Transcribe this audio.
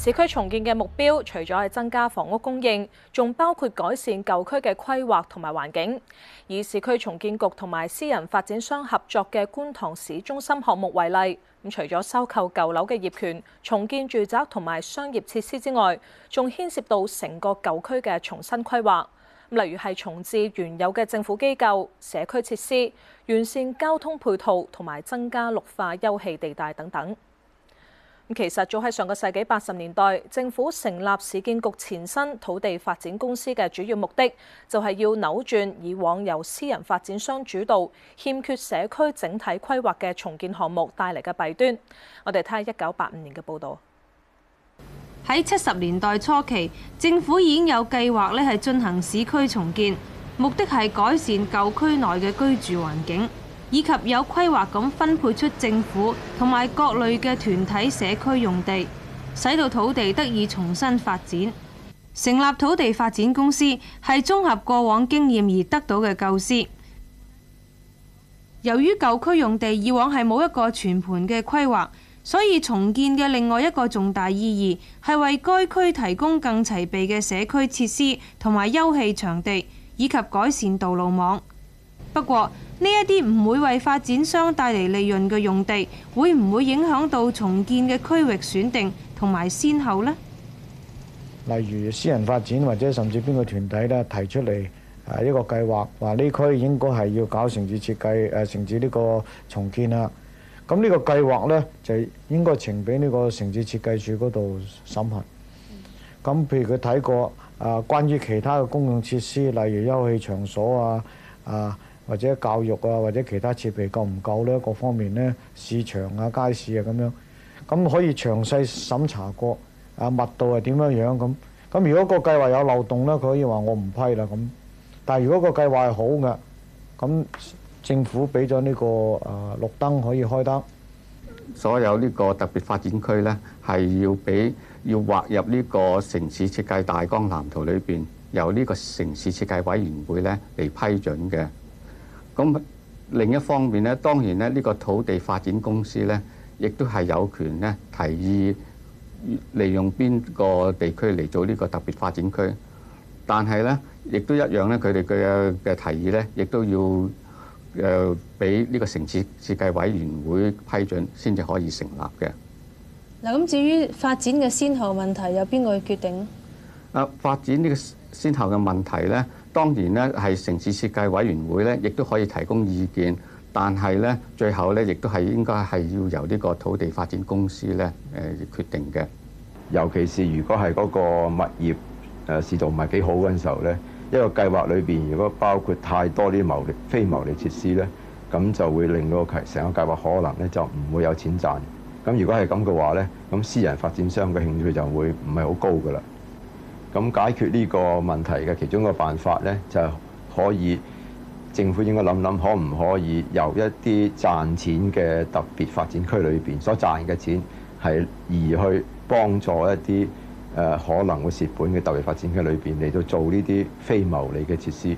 市區重建嘅目標，除咗係增加房屋供應，仲包括改善舊區嘅規劃同埋環境。以市區重建局同埋私人發展商合作嘅觀塘市中心項目為例，咁除咗收購舊樓嘅業權、重建住宅同埋商業設施之外，仲牽涉到成個舊區嘅重新規劃。例如係重置原有嘅政府機構、社區設施、完善交通配套同埋增加綠化休憩地帶等等。其實早喺上個世紀八十年代，政府成立市建局前身土地發展公司嘅主要目的，就係要扭轉以往由私人發展商主導、欠缺社區整體規劃嘅重建項目帶嚟嘅弊端。我哋睇下一九八五年嘅報導。喺七十年代初期，政府已經有計劃咧，係進行市區重建，目的係改善舊區內嘅居住環境。以及有規劃咁分配出政府同埋各類嘅團體社區用地，使到土地得以重新發展。成立土地發展公司係綜合過往經驗而得到嘅構思。由於舊區用地以往係冇一個全盤嘅規劃，所以重建嘅另外一個重大意義係為該區提供更齊備嘅社區設施，同埋休憩場地，以及改善道路網。不過呢一啲唔會為發展商帶嚟利潤嘅用地，會唔會影響到重建嘅區域選定同埋先後咧？例如私人發展或者甚至邊個團體咧，提出嚟，誒，一個計劃，話呢區應該係要搞城市設計，誒，城市呢個重建啦。咁呢個計劃咧，就係應該呈俾呢個城市設計處嗰度審核。咁譬如佢睇過，誒，關於其他嘅公共設施，例如休憩場所啊啊。或者教育啊，或者其他設備夠唔夠咧？各方面咧，市場啊、街市啊咁樣，咁可以詳細審查過啊，密度係點樣樣咁咁。如果個計劃有漏洞咧，佢可以話我唔批啦咁。但係如果個計劃係好嘅，咁政府俾咗呢個誒、呃、綠燈可以開得所有呢個特別發展區咧，係要俾要劃入呢個城市設計大綱藍圖裏邊，由呢個城市設計委員會咧嚟批准嘅。咁另一方面咧，當然咧，呢個土地發展公司咧，亦都係有權咧提議利用邊個地區嚟做呢個特別發展區，但係咧，亦都一樣咧，佢哋嘅嘅提議咧，亦都要誒俾呢個城市設計委員會批准先至可以成立嘅。嗱，咁至於發展嘅先後問題，有邊個去決定？啊，發展呢個先後嘅問題咧？當然咧，係城市設計委員會咧，亦都可以提供意見。但係咧，最後咧，亦都係應該係要由呢個土地發展公司咧，誒決定嘅。尤其是如果係嗰個物業誒市道唔係幾好嗰陣時候咧，一個計劃裏邊如果包括太多啲牟利非牟利設施咧，咁就會令到個成個計劃可能咧就唔會有錢賺。咁如果係咁嘅話咧，咁私人發展商嘅興趣就會唔係好高㗎喇。咁解決呢個問題嘅其中一個辦法呢，就係可以政府應該諗諗，可唔可以由一啲賺錢嘅特別發展區裏邊所賺嘅錢，係而去幫助一啲誒可能會蝕本嘅特別發展區裏邊嚟到做呢啲非牟利嘅設施。